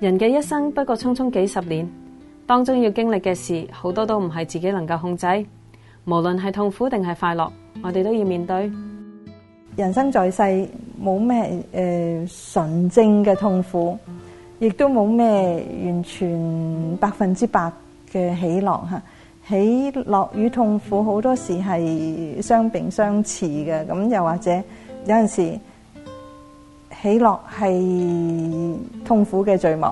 人嘅一生不過匆匆幾十年，當中要經歷嘅事好多都唔係自己能夠控制。無論係痛苦定係快樂，我哋都要面對。人生在世，冇咩誒純正嘅痛苦，亦都冇咩完全百分之百嘅喜樂。喜樂與痛苦好多時係相並相持嘅，咁又或者有陣時喜樂係痛苦嘅序幕，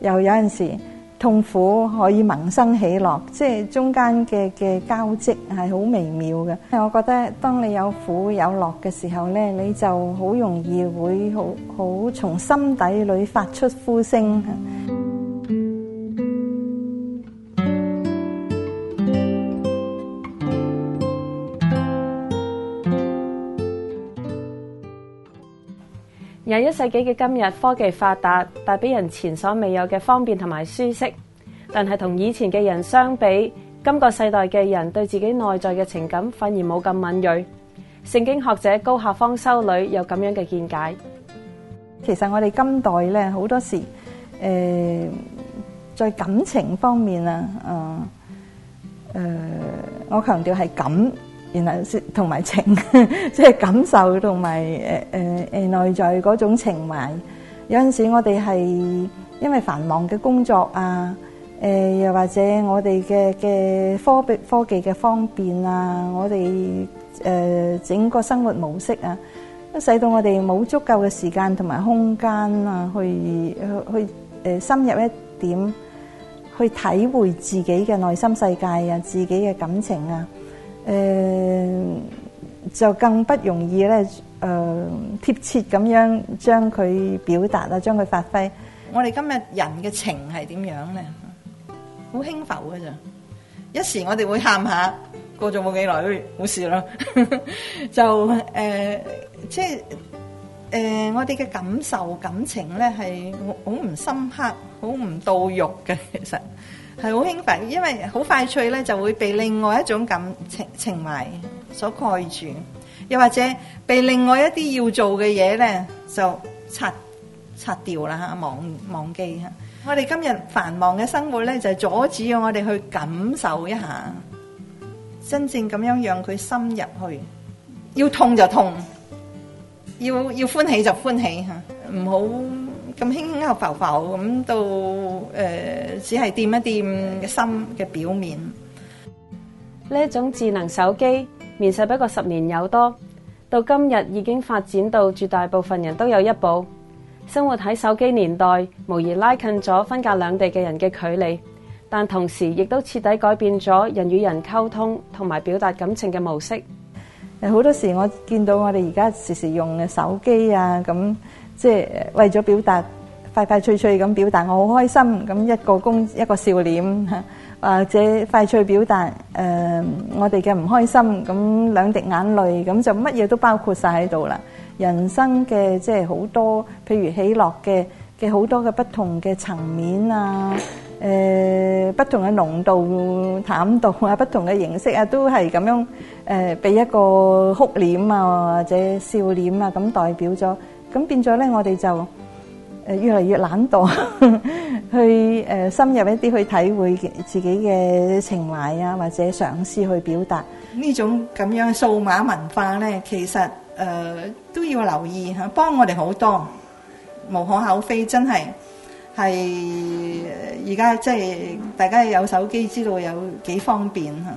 又有陣時痛苦可以萌生喜樂，即係中間嘅嘅交織係好微妙嘅。我覺得當你有苦有樂嘅時候咧，你就好容易會好好從心底裏發出呼聲。廿一世紀嘅今日，科技發達帶俾人前所未有嘅方便同埋舒適，但係同以前嘅人相比，今個世代嘅人對自己內在嘅情感反而冇咁敏銳。聖經學者高客方修女有咁樣嘅見解。其實我哋今代咧，好多時誒，在感情方面啊，誒，誒，我強調係咁。然後同埋情，即係感受同埋誒誒誒內在嗰種情懷。有陣時我哋係因為繁忙嘅工作啊，誒又或者我哋嘅嘅科技科技嘅方便啊，我哋誒整個生活模式啊，都使到我哋冇足夠嘅時間同埋空間啊，去去去誒深入一點去體會自己嘅內心世界啊，自己嘅感情啊。誒、呃，就更不容易咧。誒、呃，貼切咁樣將佢表達啦，將佢發揮。我哋今日人嘅情係點樣咧？好輕浮㗎咋，一時我哋會喊下，過咗冇幾耐，好似冇事啦。 就誒、呃，即係誒、呃，我哋嘅感受感情咧，係好唔深刻，好唔到肉嘅其實。係好興奮，因為好快脆咧就會被另外一種感情情懷所蓋住，又或者被另外一啲要做嘅嘢咧就擦擦掉啦嚇，忘忘記嚇。我哋今日繁忙嘅生活咧就阻止咗我哋去感受一下，真正咁樣讓佢深入去，要痛就痛，要要歡喜就歡喜嚇，唔好。咁輕輕又浮浮咁到，誒只係掂一掂嘅心嘅表面。呢種智能手機面世不過十年有多，到今日已經發展到絕大部分人都有一部。生活喺手機年代，無疑拉近咗分隔兩地嘅人嘅距離，但同時亦都徹底改變咗人與人溝通同埋表達感情嘅模式。好多時我見到我哋而家時時用嘅手機啊咁。即係為咗表達快快脆脆咁表達，我好開心咁一個公一個笑臉嚇，或者快脆表達誒我哋嘅唔開心咁兩滴眼淚，咁就乜嘢都包括晒喺度啦。人生嘅即係好多，譬如喜樂嘅嘅好多嘅不同嘅層面啊，誒不同嘅濃度、淡度啊，不同嘅形式啊，都係咁樣誒，俾一個哭臉啊，或者笑臉啊，咁代表咗。咁變咗咧，我哋就越嚟越懶惰， 去深入一啲去體會自己嘅情懷啊，或者嘗試去表達呢種咁樣數碼文化咧，其實、呃、都要留意，幫我哋好多，無可厚非，真，真係係而家即係大家有手機，知道有幾方便嚇，誒、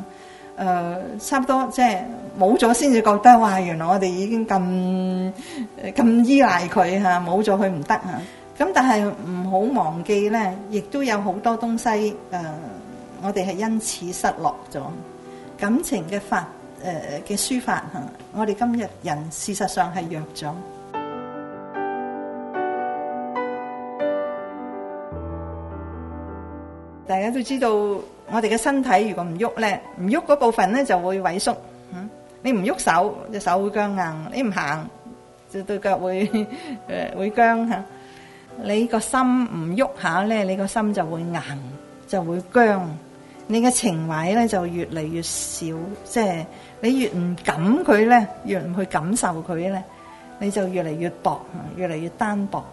呃、差唔多即、就、係、係。冇咗先至覺得哇！原來我哋已經咁誒咁依賴佢嚇，冇咗佢唔得嚇。咁但係唔好忘記咧，亦都有好多東西誒，我哋係因此失落咗感情嘅發誒嘅抒發嚇。我哋今日人事實上係弱咗。大家都知道，我哋嘅身體如果唔喐咧，唔喐嗰部分咧就會萎縮。嗯。你唔喐手隻手會僵硬，你唔行隻對腳會誒會僵嚇。你個心唔喐下咧，你個心就會硬，就會僵。你嘅情懷咧就越嚟越少，即係你越唔感佢咧，越唔去感受佢咧，你就越嚟越薄，越嚟越單薄。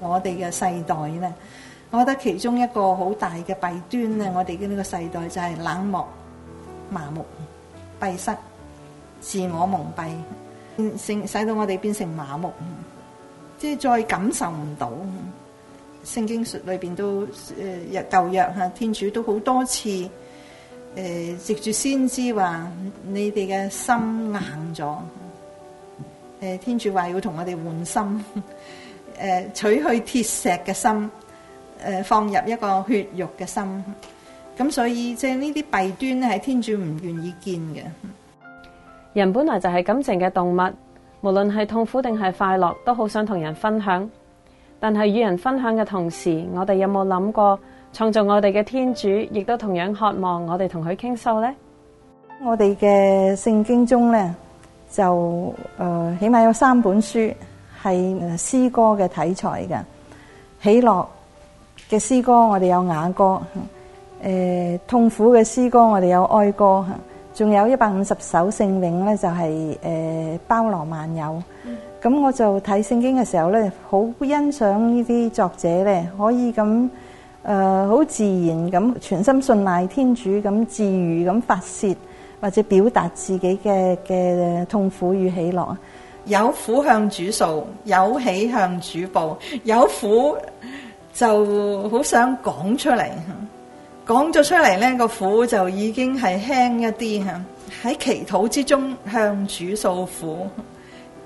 我哋嘅世代咧，我覺得其中一個好大嘅弊端咧，我哋嘅呢個世代就係冷漠、麻木、閉塞。自我蒙蔽，使使到我哋變成麻木，即係再感受唔到。聖經書裏邊都誒、呃、舊約吓，天主都好多次誒，藉、呃、住先知話你哋嘅心硬咗。誒、呃，天主話要同我哋換心，誒、呃，取去鐵石嘅心，誒、呃，放入一個血肉嘅心。咁所以即係呢啲弊端咧，係天主唔願意見嘅。人本來就係感情嘅動物，無論係痛苦定係快樂，都好想同人分享。但係與人分享嘅同時，我哋有冇諗過，創造我哋嘅天主亦都同樣渴望我哋同佢傾訴呢？我哋嘅聖經中呢，就誒、呃、起碼有三本書係詩歌嘅題材嘅，喜樂嘅詩歌我哋有雅歌，誒、呃、痛苦嘅詩歌我哋有哀歌。仲有一百五十首聖詠咧，就係誒，包羅萬有。咁、嗯、我就睇聖經嘅時候咧，好欣賞呢啲作者咧，可以咁誒，好自然咁，全心信賴天主咁自如咁發洩，或者表達自己嘅嘅痛苦與喜樂。有苦向主訴，有喜向主報，有苦就好想講出嚟。講咗出嚟，呢個苦就已經係輕一啲吓。喺祈禱之中向主訴苦，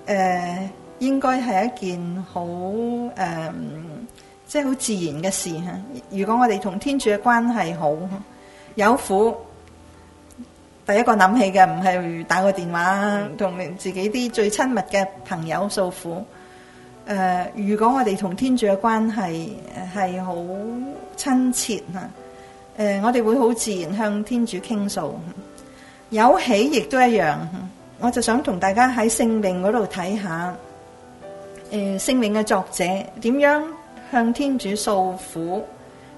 誒、呃，應該係一件好誒、呃，即係好自然嘅事吓。如果我哋同天主嘅關係好，有苦，第一個諗起嘅唔係打個電話同自己啲最親密嘅朋友訴苦。誒、呃，如果我哋同天主嘅關係係好親切吓。誒、呃，我哋會好自然向天主傾訴，有喜亦都一樣。我就想同大家喺聖命嗰度睇下，誒、呃，聖命嘅作者點樣向天主訴苦，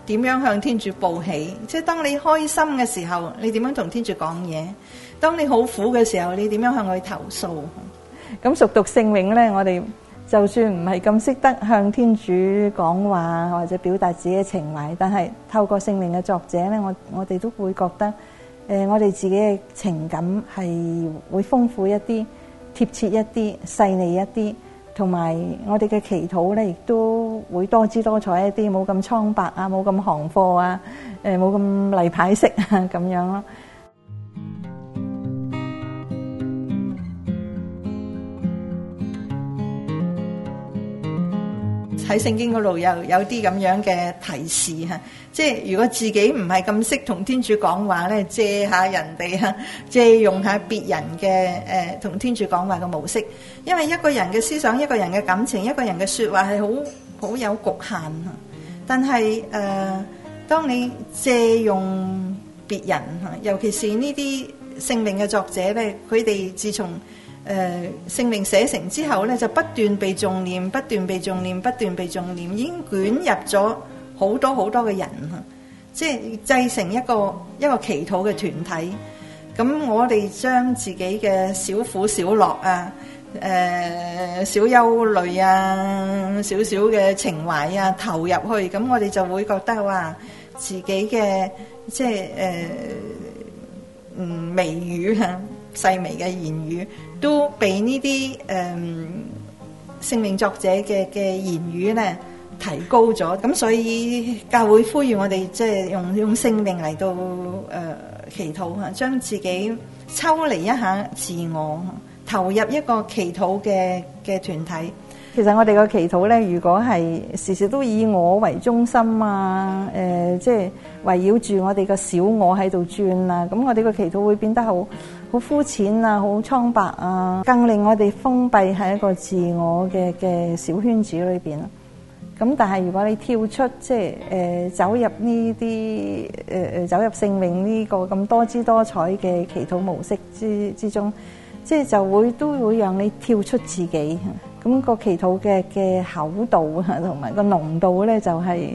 點樣向天主報喜。即係當你開心嘅時候，你點樣同天主講嘢；當你好苦嘅時候，你點樣向佢投訴？咁熟讀聖命咧，我哋。就算唔係咁識得向天主講話，或者表達自己嘅情懷，但係透過聖靈嘅作者咧，我我哋都會覺得誒、呃，我哋自己嘅情感係會豐富一啲、貼切一啲、細膩一啲，同埋我哋嘅祈禱咧，亦都會多姿多彩一啲，冇咁蒼白啊，冇咁行貨啊，誒冇咁例牌式啊，咁樣咯。喺聖經嗰度有有啲咁樣嘅提示嚇，即係如果自己唔係咁識同天主講話咧，借下人哋嚇，借用下別人嘅誒同天主講話嘅模式，因為一個人嘅思想、一個人嘅感情、一個人嘅説話係好好有局限嚇。但係誒、呃，當你借用別人嚇，尤其是呢啲聖經嘅作者咧，佢哋自從。誒姓名寫成之後咧，就不斷被重念，不斷被重念，不斷被重念，已經捲入咗好多好多嘅人，即係製成一個一個祈禱嘅團體。咁我哋將自己嘅小苦小樂啊、誒小憂慮啊、少少嘅情懷啊投入去，咁我哋就會覺得，嘩，自己嘅即係誒嗯微語啊。細微嘅言語都被呢啲誒聖詠作者嘅嘅言語咧提高咗，咁所以教會呼籲我哋即係用用聖詠嚟到誒、呃、祈禱啊，將自己抽離一下自我，投入一個祈禱嘅嘅團體。其實我哋嘅祈禱咧，如果係時時都以我為中心啊，誒、呃、即係。圍繞住我哋個小我喺度轉啦，咁我哋個祈禱會變得好好膚淺啊，好蒼白啊，更令我哋封閉喺一個自我嘅嘅小圈子裏邊啦。咁但係如果你跳出，即係誒、呃、走入呢啲誒誒走入聖靈呢個咁多姿多彩嘅祈禱模式之之中，即係就會都會讓你跳出自己，咁、那個祈禱嘅嘅厚度同埋個濃度咧就係、是。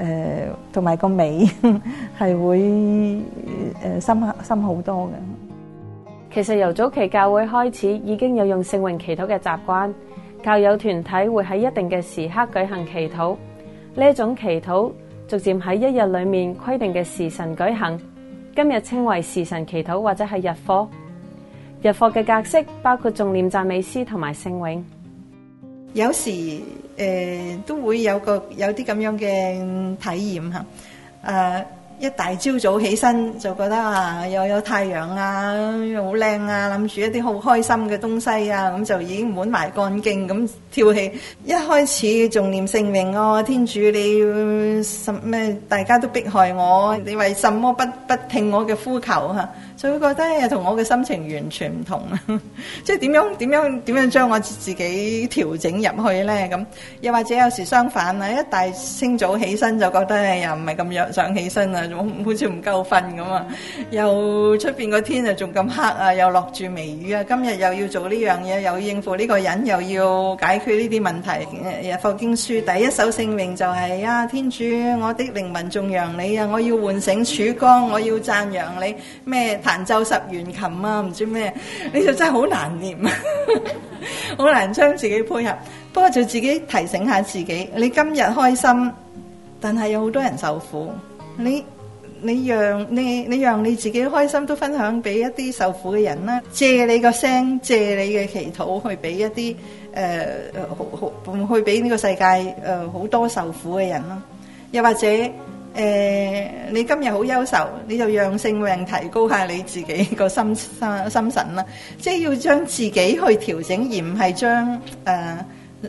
誒，同埋、呃、個尾係會誒、呃、深深好多嘅。其實由早期教會開始，已經有用聖詠祈禱嘅習慣，教友團體會喺一定嘅時刻舉行祈禱。呢種祈禱逐漸喺一日裏面規定嘅時辰舉行，今日稱為時辰祈禱或者係日課。日課嘅格式包括重念讚美詩同埋聖詠。有時誒、呃、都會有個有啲咁樣嘅體驗、啊、一大朝早起身就覺得啊又有太陽啊又好靚啊，諗住一啲好開心嘅東西啊，咁就已經滿埋幹勁咁跳起，一開始仲念聖靈哦、啊，天主你什咩大家都迫害我，你為什麼不不聽我嘅呼求、啊就會覺得同我嘅心情完全唔同， 即係點樣點樣點樣將我自己調整入去咧？咁又或者有時相反啊！一大清早起身就覺得又唔係咁樣想起身啊，好似唔夠瞓咁啊！又出邊個天啊，仲咁黑啊，又落住微雨啊！今日又要做呢樣嘢，又要應付呢個人，又要解決呢啲問題。日復經書第一首聖詠就係、是、啊，天主，我的靈魂頌揚你啊！我要喚醒曙光，我要讚揚你咩？彈奏十弦琴啊，唔知咩？你就真係好難念，好難將自己配合。不過就自己提醒下自己，你今日開心，但係有好多人受苦。你你讓你你讓你自己開心，都分享俾一啲受苦嘅人啦。借你個聲，借你嘅祈禱，去俾一啲誒、呃，去俾呢個世界誒好多受苦嘅人囉。又或者。誒、呃，你今日好優秀，你就讓性命提高下你自己個心心心神啦。即係要將自己去調整，而唔係將誒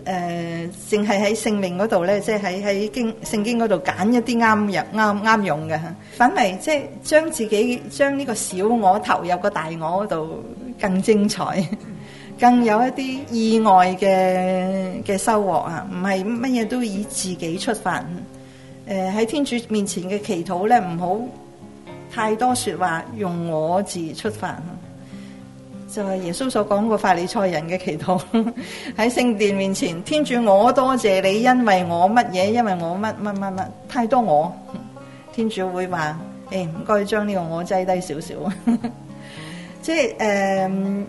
誒，淨係喺性命嗰度咧，即係喺喺經聖經嗰度揀一啲啱入啱啱用嘅。反嚟即係將自己將呢個小我投入個大我嗰度，更精彩，更有一啲意外嘅嘅收穫啊！唔係乜嘢都以自己出發。誒，喺天主面前嘅祈禱咧，唔好太多說話，用我字出發，就係、是、耶穌所講過法利賽人嘅祈禱。喺聖殿面前，天主我多謝你因，因為我乜嘢，因為我乜乜乜乜，太多我，天主會話，誒、哎，唔該將呢個我擠低少少。即係誒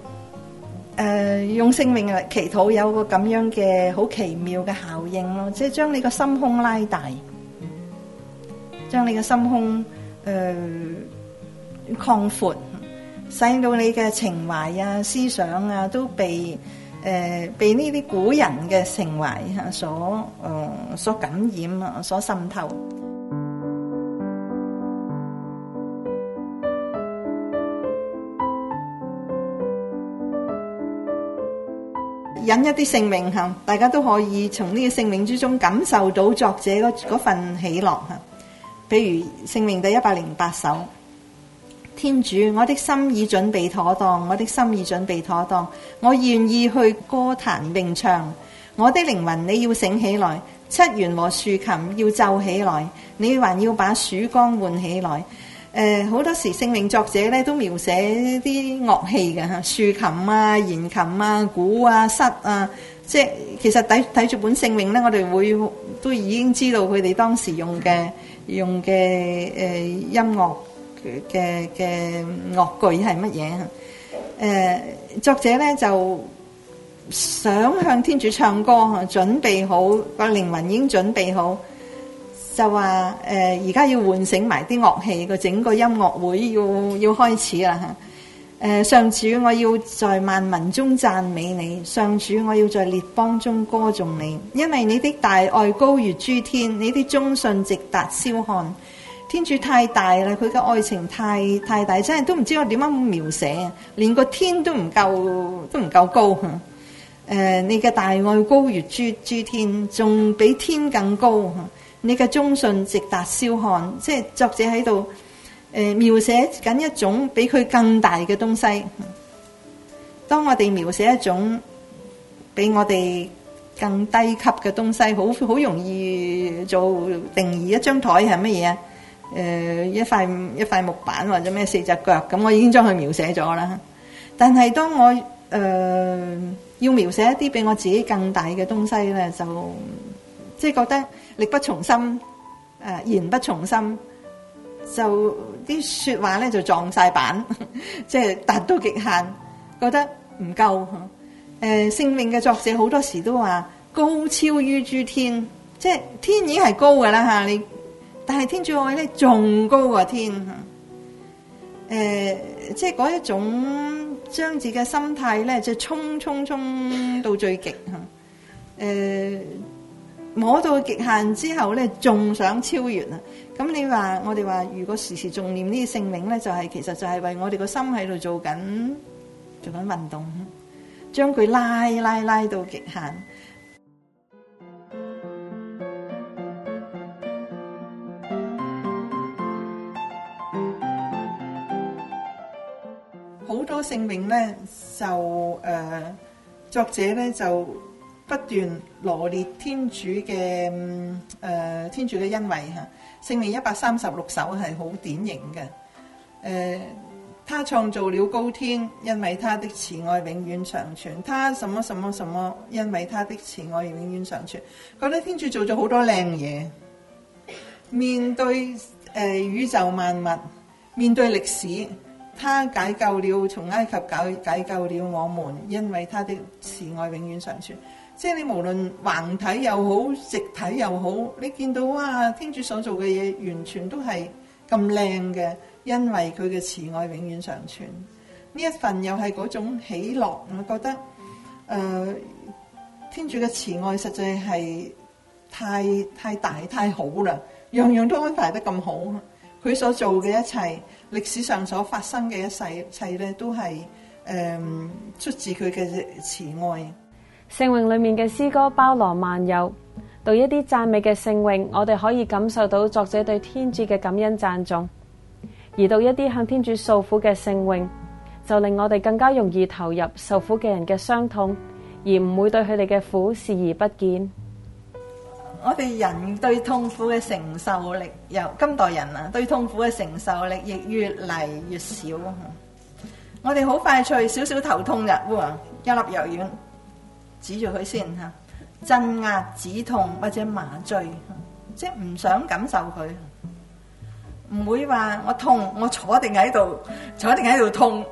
誒，用性命嚟祈禱，有個咁樣嘅好奇妙嘅效應咯，即係將你個心胸拉大。將你嘅心胸誒擴闊，使到你嘅情懷啊、思想啊，都被誒被呢啲古人嘅情懷嚇所誒所感染啊，所滲透。引一啲性命嚇，大家都可以從呢個性命之中感受到作者嗰嗰份喜樂嚇。比如《聖詠》第一百零八首，天主，我的心已準備妥當，我的心已準備妥當，我願意去歌壇詠唱。我的靈魂你要醒起來，七弦和豎琴要奏起來，你還要把曙光喚起來。誒、呃，好多時聖詠作者咧都描寫啲樂器嘅吓，豎琴啊、弦琴啊、鼓啊、瑟啊，即係其實睇睇住本《聖詠》咧，我哋會都已經知道佢哋當時用嘅。用嘅誒，音樂嘅嘅樂具係乜嘢？誒，作者咧就想向天主唱歌，準備好個靈魂已經準備好，就話誒，而家要喚醒埋啲樂器，個整個音樂會要要開始啦。誒、呃，上主我要在萬民中讚美你，上主我要在列邦中歌頌你，因為你的大愛高如諸天，你的忠信直達霄漢。天主太大啦，佢嘅愛情太太大，真係都唔知我點樣描寫啊！連個天都唔夠，都唔夠高。誒、呃，你嘅大愛高如諸諸天，仲比天更高。你嘅忠信直達霄漢，即係作者喺度。誒、呃、描寫緊一種比佢更大嘅東西。當我哋描寫一種比我哋更低級嘅東西，好好容易做定義。一張桌、呃。一張台係咩嘢啊？一塊一塊木板或者咩四隻腳咁，我已經將佢描寫咗啦。但係當我、呃、要描寫一啲比我自己更大嘅東西咧，就即係、就是、覺得力不從心、呃，言不從心。就啲說話咧就撞晒板，即係達到極限，覺得唔夠吓。誒、呃，聖命嘅作者好多時都話高超於諸天，即係天已經係高噶啦吓你，但係天主愛咧仲高過天。誒、呃，即係嗰一種將自己嘅心態咧就衝衝衝到最極吓。誒、呃。摸到極限之後咧，仲想超越啦！咁你話我哋話，如果時時仲念明呢個聖名咧，就係、是、其實就係為我哋個心喺度做緊做緊運動，將佢拉拉拉到極限。好多聖名咧，就誒、呃、作者咧就。不斷羅列天主嘅、誒、呃，天主嘅恩惠吓，聖詠一百三十六首係好典型嘅。誒、呃，他創造了高天，因為他的慈愛永遠長存。他什麼什麼什麼，因為他的慈愛永遠長存。覺得天主做咗好多靚嘢。面對誒、呃、宇宙萬物，面對歷史，他解救了從埃及解解救了我們，因為他的慈愛永遠長存。即係你無論橫睇又好，直睇又好，你見到啊，天主所做嘅嘢完全都係咁靚嘅，因為佢嘅慈愛永遠常存。呢一份又係嗰種喜樂，我覺得誒、呃，天主嘅慈愛實際係太太大太好啦，樣樣都安排得咁好，佢所做嘅一切，歷史上所發生嘅一世一切咧，都、呃、係出自佢嘅慈愛。聖詠裏面嘅詩歌包羅萬有，讀一啲讚美嘅聖詠，我哋可以感受到作者對天主嘅感恩讚頌；而讀一啲向天主訴苦嘅聖詠，就令我哋更加容易投入受苦嘅人嘅傷痛，而唔會對佢哋嘅苦視而不見。我哋人對痛苦嘅承受力，由今代人啊，對痛苦嘅承受力亦越嚟越少。我哋好快脆，少少頭痛日，一粒藥丸。.指住佢先嚇，鎮壓、止痛或者麻醉，即係唔想感受佢，唔會話我痛，我坐定喺度、坐定喺度痛。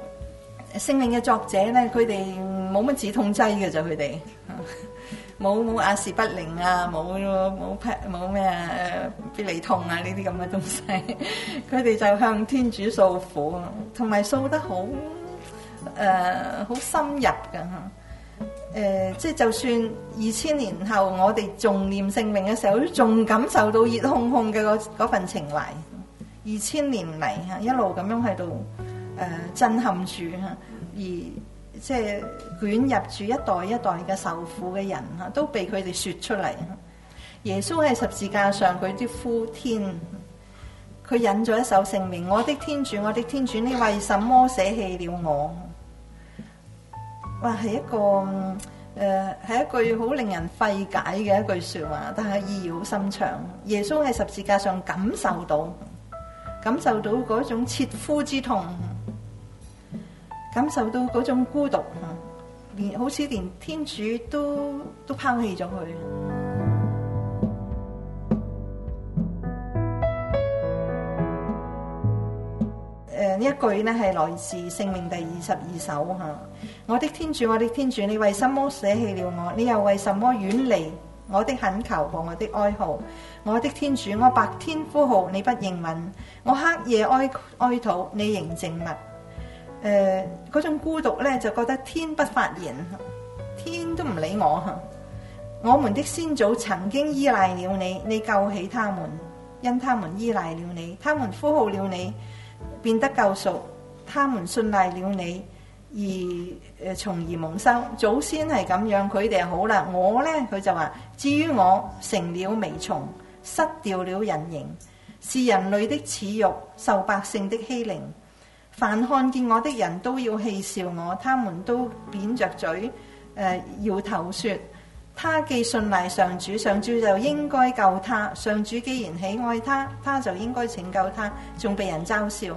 聖靈嘅作者咧，佢哋冇乜止痛劑嘅就佢哋，冇冇阿士匹靈啊，冇冇咩啊，必理痛啊呢啲咁嘅東西，佢哋就向天主訴苦，同埋訴得好誒，好深入嘅吓。誒、呃，即係就算二千年後，我哋重念聖名嘅時候，都仲感受到熱烘烘嘅嗰份情懷。二千年嚟一路咁樣喺度誒震撼住，而即係捲入住一代一代嘅受苦嘅人，都被佢哋説出嚟。耶穌喺十字架上，佢啲呼天，佢引咗一首聖名，我的天主，我的天主，你為什麼捨棄了我？哇係一個誒，係、呃、一句好令人費解嘅一句説話，但係意義好深長。耶穌喺十字架上感受到感受到嗰種切膚之痛，感受到嗰種孤獨，連、嗯、好似連天主都都拋棄咗佢。這一句呢，係來自聖詠第二十二首吓，我的天主，我的天主，你為什麼捨棄了我？你又為什麼遠離我的懇求和我的哀號？我的天主，我白天呼號你不應允，我黑夜哀哀禱你仍靜默。誒、呃，嗰種孤獨咧就覺得天不發言，天都唔理我吓。我們的先祖曾經依賴了你，你救起他們，因他們依賴了你，他們呼號了你。變得夠熟，他們信賴了你，而誒從而蒙羞。祖先係咁樣，佢哋好啦。我呢，佢就話：至於我成了微蟲，失掉了人形，是人類的恥辱，受百姓的欺凌。凡看見我的人都要氣笑我，他們都扁着嘴誒搖頭説。呃要投他既信賴上主，上主就應該救他。上主既然喜愛他，他就應該拯救他，仲被人嘲笑。誒、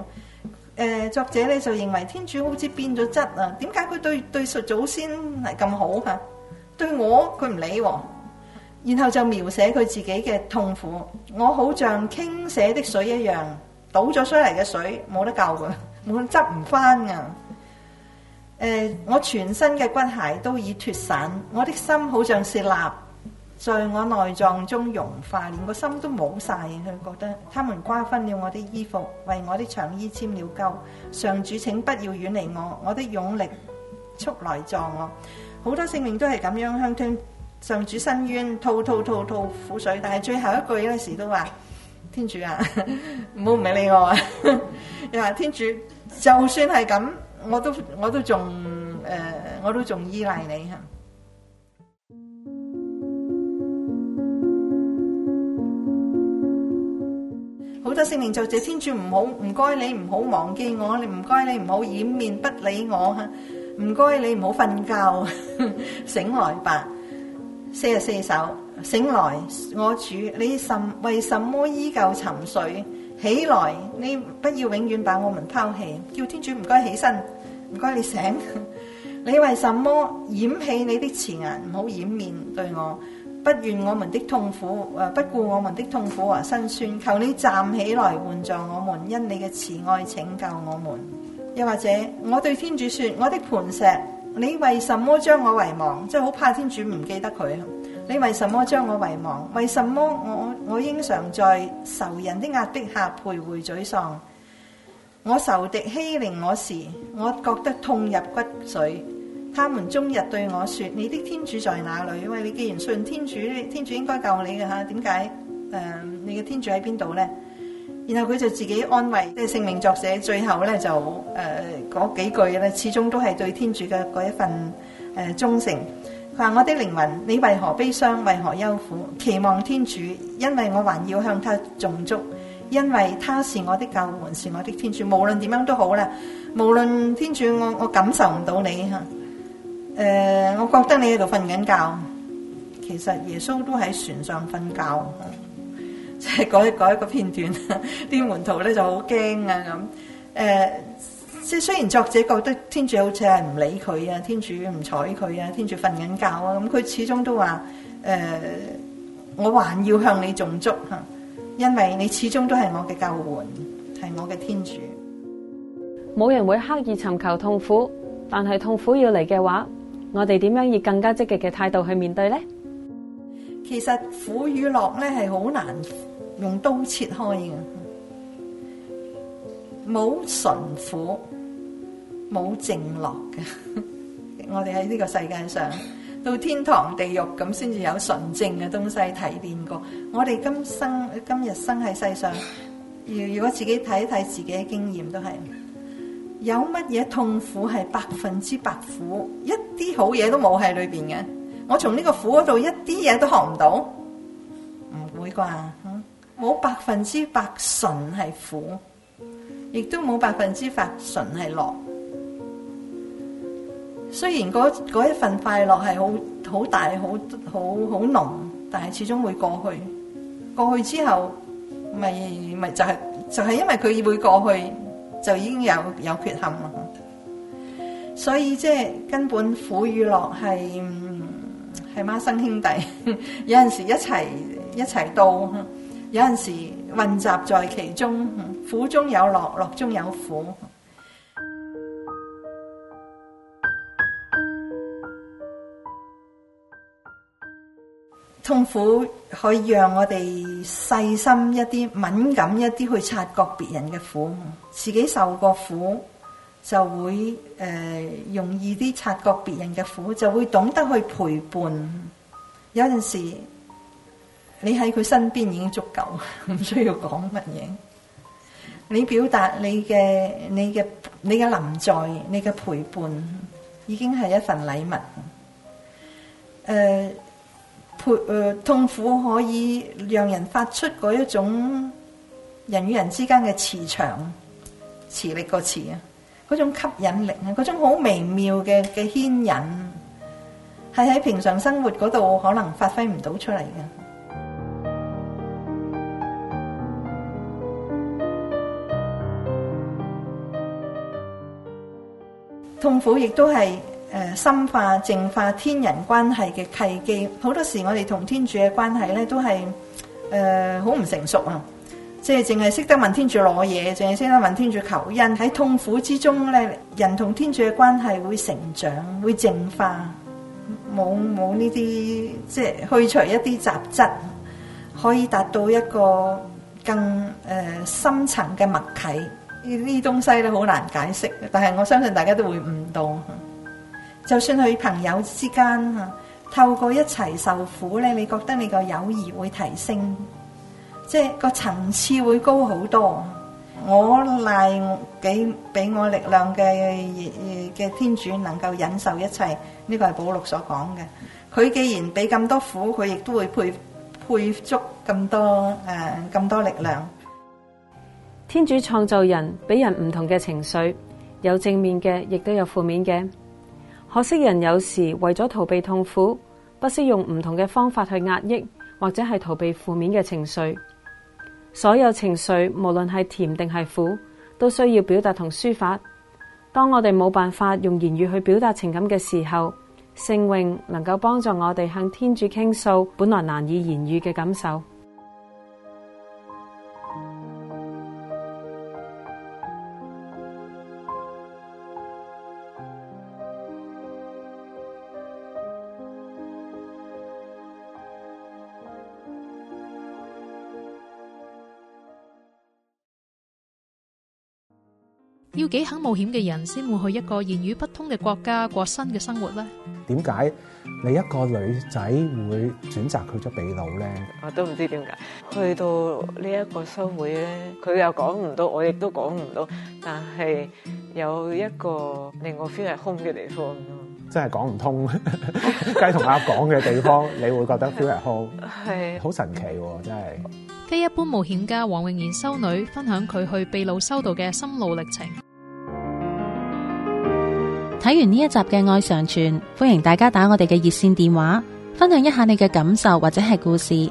呃，作者咧就認為天主好似變咗質啊？點解佢對對祖先係咁好噶？對我佢唔理，然後就描寫佢自己嘅痛苦。我好像傾瀉的水一樣，倒咗出嚟嘅水，冇得救佢，冇執唔返啊！誒、呃，我全身嘅骨骸都已脫散，我的心好像是蠟，在我內臟中融化，連個心都冇晒。佢覺得他們瓜分了我的衣服，為我的長衣拈了鬮。上主請不要遠離我，我的勇力速來助我。好多性命都係咁樣向天，上主伸冤，吐吐，吐吐吐吐苦水。但係最後一句嗰時候都話：天主啊，唔好唔理你我、啊。又話天主，就算係咁。我都，我都仲誒，我都仲依賴你嚇。好多聖名造者天主，唔好唔該你，唔好忘記我，你唔該你唔好掩面不理我嚇，唔該你唔好瞓覺，醒來吧。四十四首，醒來，我主，你甚為什麼依舊沉睡？起來，你不要永遠把我們拋棄，叫天主唔該起身。唔該，你醒？你為什麼掩起你的慈顏？唔好掩面對我，不願我們的痛苦，不顧我們的痛苦和辛酸。求你站起來援助我們，因你嘅慈愛拯救我們。又或者我對天主說：我的磐石，你為什麼將我遺忘？即係好怕天主唔記得佢。你為什麼將我遺忘？為什麼我我經常在仇人的壓迫下徘徊沮喪？我仇敵欺凌我時，我覺得痛入骨髓。他們終日對我說：你的天主在哪裏？喂，你既然信天主，天主應該救你嘅嚇，點解？呃，你嘅天主喺邊度咧？然後佢就自己安慰，即係聖詠作者最後咧就呃、嗰幾句咧，始終都係對天主嘅嗰一份呃、忠誠。佢話：我的靈魂，你為何悲傷？為何憂苦？期望天主，因為我還要向他頌祝。」因為他是我的救恩，是我的天主，無論點樣都好啦。無論天主，我我感受唔到你嚇。誒，我覺得你喺度瞓緊覺，其實耶穌都喺船上瞓覺，即係嗰嗰一個片段，啲門徒咧就好驚啊咁。誒，即係雖然作者覺得天主好似係唔理佢啊，天主唔睬佢啊，天主瞓緊覺啊，咁佢始終都話誒，我還要向你重足嚇。因為你始終都係我嘅救援，係我嘅天主。冇人會刻意尋求痛苦，但係痛苦要嚟嘅話，我哋點樣以更加積極嘅態度去面對呢？其實苦與樂咧係好難用刀切開嘅，冇純苦，冇淨樂嘅。我哋喺呢個世界上。到天堂地獄咁先至有純正嘅東西提煉過。我哋今生今日生喺世上，如如果自己睇一睇自己嘅經驗都係，都係有乜嘢痛苦係百分之百苦，一啲好嘢都冇喺裏邊嘅。我從呢個苦嗰度一啲嘢都學唔到，唔會啩？冇、嗯、百分之百純係苦，亦都冇百分之百純係樂。雖然嗰一份快樂係好好大好好好濃，但係始終會過去。過去之後，咪咪就係就係因為佢會過去，就已經有有缺陷啦。所以即係根本苦與樂係係孖生兄弟，有陣時一齊一齊到，有陣時混雜在其中，苦中有樂，樂中有苦。痛苦可以讓我哋細心一啲，敏感一啲去察覺別人嘅苦，自己受過苦就會誒、呃、容易啲察覺別人嘅苦，就會懂得去陪伴。有陣時你喺佢身邊已經足夠，唔需要講乜嘢。你表達你嘅，你嘅，你嘅臨在，你嘅陪伴，已經係一份禮物。誒、呃。破，呃，痛苦可以讓人發出嗰一種人與人之間嘅磁場、磁力個磁啊，嗰種吸引力啊，嗰種好微妙嘅嘅牽引，係喺平常生活嗰度可能發揮唔到出嚟嘅。痛苦亦都係誒深化淨化天人關係嘅契機，好多時我哋同天主嘅關係咧都係誒好唔成熟啊！即係淨係識得問天主攞嘢，淨係識得問天主求恩。喺痛苦之中咧，人同天主嘅關係會成長，會淨化，冇冇呢啲即係去除一啲雜質，可以達到一個更誒深層嘅默契。呢啲東西咧好難解釋，但係我相信大家都會悟到。就算佢朋友之間嚇，透過一齊受苦咧，你覺得你個友誼會提升，即係個層次會高好多。我賴俾俾我力量嘅嘅天主能夠忍受一切，呢個係保祿所講嘅。佢既然俾咁多苦，佢亦都會配配足咁多誒咁多力量。天主創造人，俾人唔同嘅情緒，有正面嘅，亦都有負面嘅。可惜人有時為咗逃避痛苦，不惜用唔同嘅方法去壓抑，或者係逃避負面嘅情緒。所有情緒，無論係甜定係苦，都需要表達同抒發。當我哋冇辦法用言語去表達情感嘅時候，聖詠能夠幫助我哋向天主傾訴本來難以言語嘅感受。要幾肯冒險嘅人先會去一個言語不通嘅國家過新嘅生活咧？點解你一個女仔會選擇去咗秘魯咧？我都唔知點解。去到這呢一個商會咧，佢又講唔到，我亦都講唔到。但係有一個令我 feel 係空嘅地方咯，真係講唔通雞同鴨講嘅地方，你會覺得 feel 係空，係好神奇喎，真係。非一般冒險家黃穎賢修女分享佢去秘魯修道嘅心路歷程。睇完呢一集嘅愛·常傳，歡迎大家打我哋嘅熱線電話，分享一下你嘅感受或者係故事。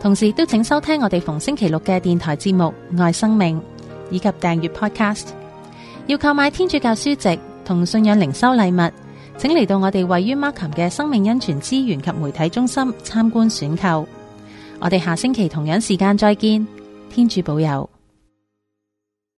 同時，都請收聽我哋逢星期六嘅電台節目《愛生命》，以及訂閱 Podcast。要購買天主教書籍同信仰靈修禮物，請嚟到我哋位於 Markham 嘅生命恩泉資源及媒體中心參觀選購。我哋下星期同樣時間再見，天主保佑。